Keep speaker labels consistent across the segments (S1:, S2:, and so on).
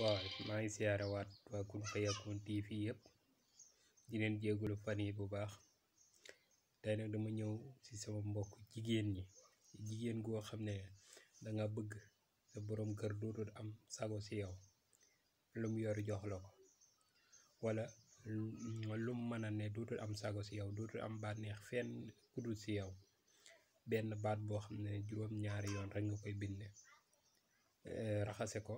S1: waaw maa ngi siyaare waat waa Kun Fayakoun TV yëpp di leen jégalu fan bu baax tey nag dama ñëw ci sama mbokk jigéen ñi jigéen goo xam ne danga bëgg sa boroom kër dootul am sago ci yow lu yor jox la ko walla lu mu mën a ne dootul am sago ci yow dootul am bànneex fenn kudul ci yow benn baat boo xam ne juróom ñaari yoon rekk nga koy binde eh, raxase ko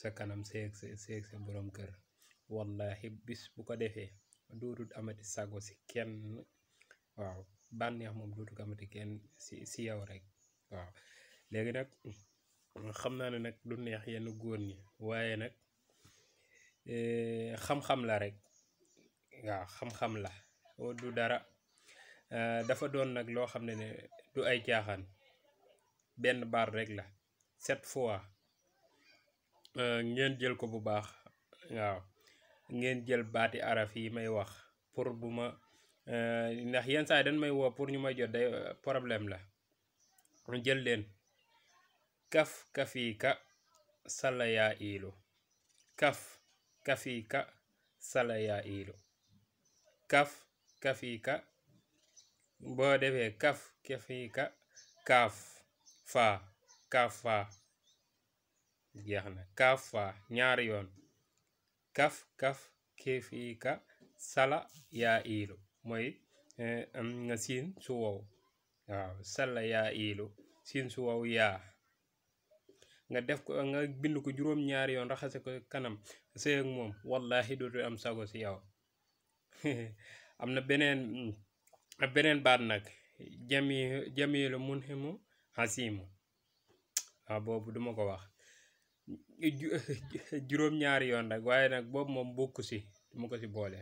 S1: sa kanam seeg sa seeg sa borom kër wallahi bis bu ko defee dootul amati sago si kenn waaw bànneex moom dootu ko amati kenn si si yow rek waaw léegi nag xam naa ne nag du neex yenn góor ñi waaye nag e, xam-xam la rek waaw xam-xam la du dara e, dafa doon nag loo xam ne ne du ay caaxaan benn baar rek la sept fois Euh, ngeen jël ko bu baax waaw ngeen jël baati araf yi may wax pour bu ma euh, ndax yenn saa yi may woo pour ñu may jot day euh, problème la jël leen kaf kafiika sala yaa iilu kaf kafiika sala yaa iilu kaf kafiika boo defee kaf kafiika kaaf faa kaaf faa jeex na kaaf fa ñaari yoon kaf kaf kefiika sala yaa iilu mooy eh, nga siin su wow sala yaa iilu siin su wow yaa nga def ko nga bind ko juróom ñaari yoon raxase ko kanam sëy ak moom wallahi dootu am sago si yow am na beneen baat nag jami jamilu munhimu hasimu waaw boobu duma ko wax juróom-ñaari yoon nag waaye nag boobu moom bokku si du ma si boole.